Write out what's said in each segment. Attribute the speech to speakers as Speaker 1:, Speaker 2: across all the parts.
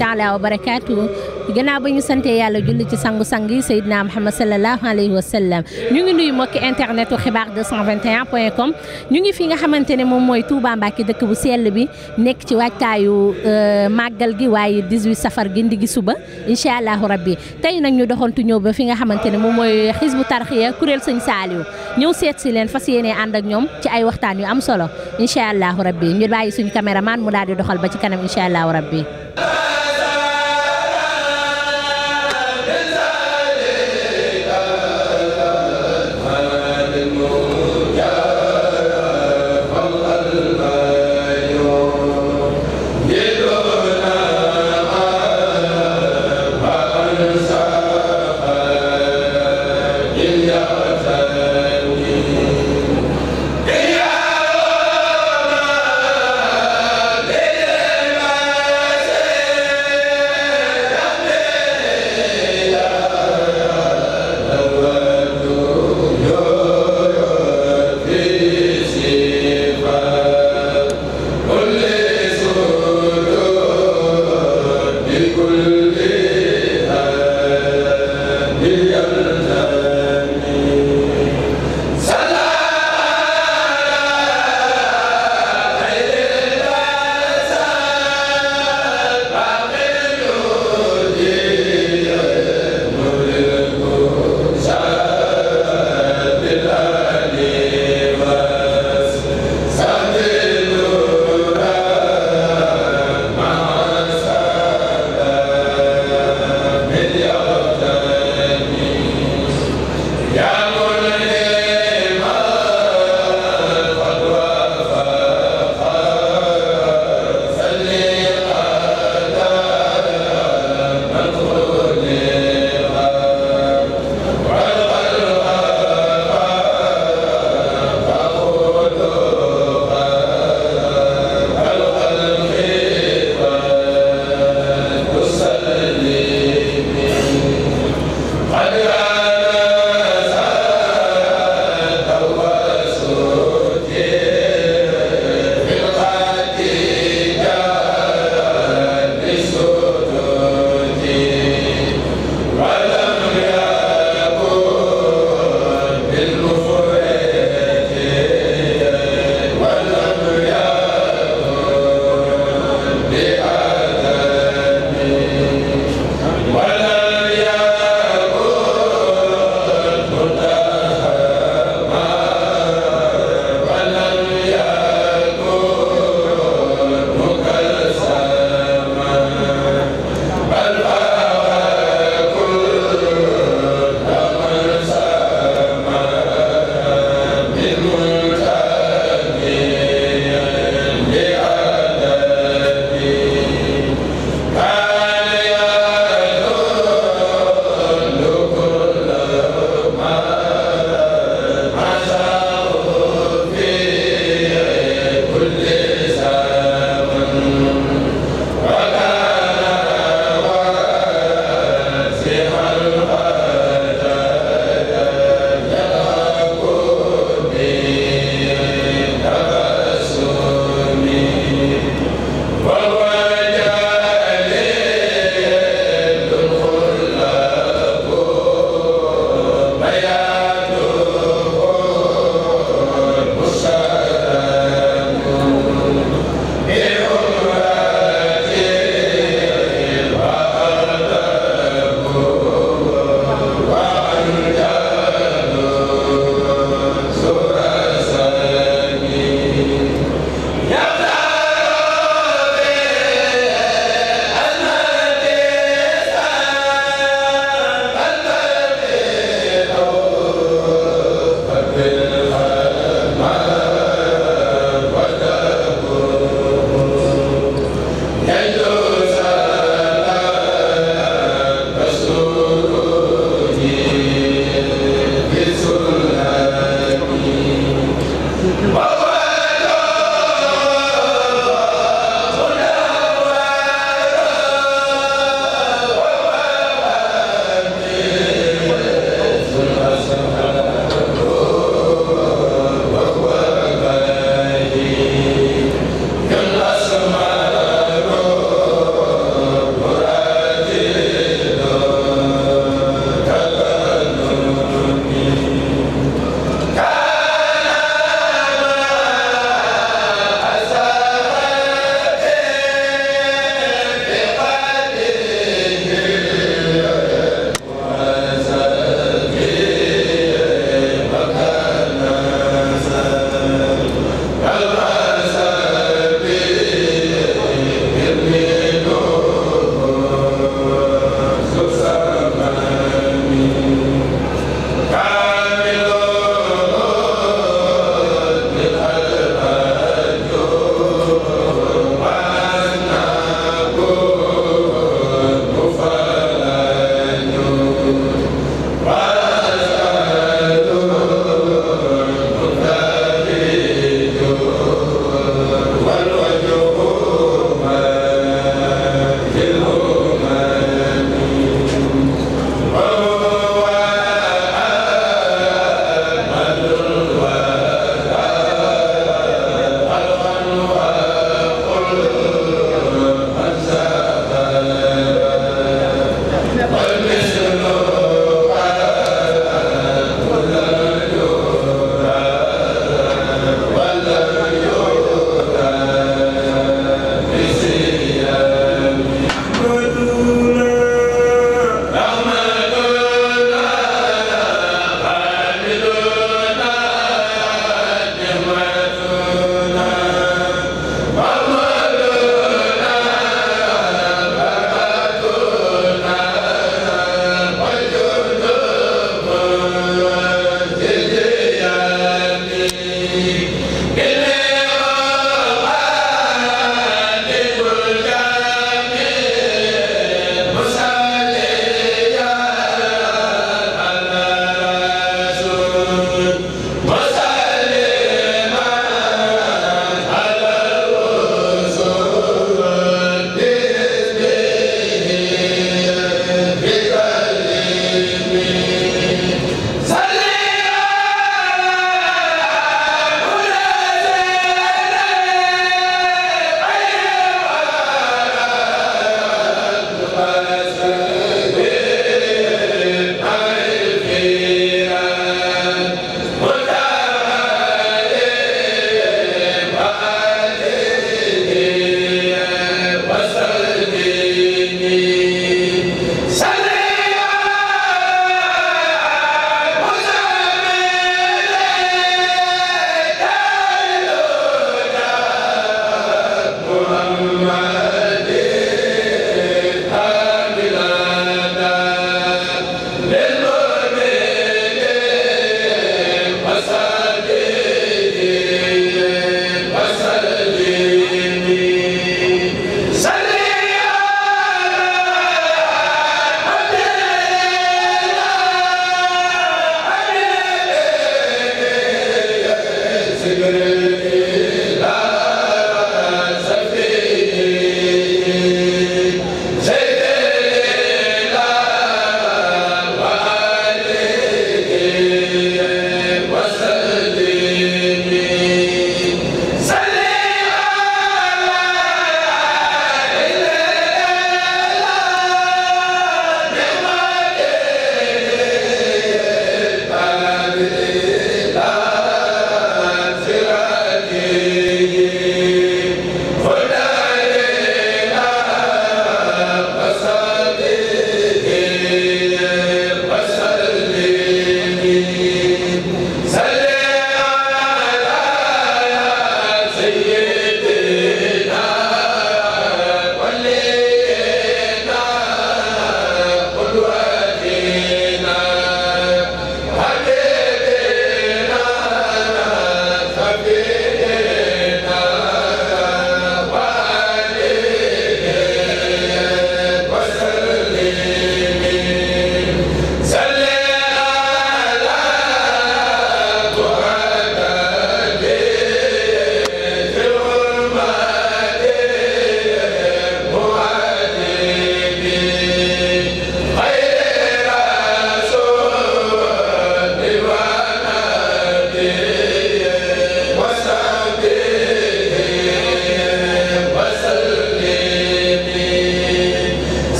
Speaker 1: taala wa barakaatu gannaaw ba ñu santee yàlla julli ci sangu-sang yi Seydina Muhammad sallallahu alayhi wa sallam ñu ngi nuyu mbokki internet u xibaar 221 point com ñu ngi fi nga xamante ne moom mooy Touba Mbacké dëkk bu sell bi nekk ci waajtaayu euh, màggal gi waaye 18 safar di ndigi suba incha allahu rabbi tey nag ñu doxantu ñëw ba fi nga xamante ne moom mooy xisbu tarxiya kuréel sëñ Saaliw ñëw seet si leen fas yéene ànd ak ñoom ci ay waxtaan yu am solo incha allahu rabbi ñu bàyyi suñu caméraman mu daal di doxal ba ci kanam incha allahu rabbi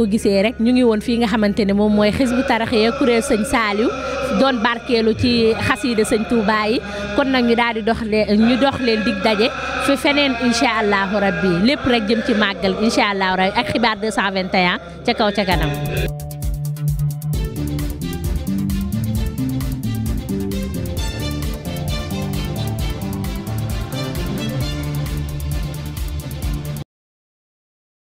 Speaker 1: ko gisee rek ñu ngi woon fii nga xamante ne moom mooy xisbu taraxiya kuréel sañ Saaliw doon barkeelu ci xasiida sëñ Touba yi kon nag ñu daal di dox leen ñu dox leen dig daje fi feneen incha allahu rabbi lépp rek jëm ci màggal incha allahu rabbi ak xibaar 221 ca kaw ca kanam.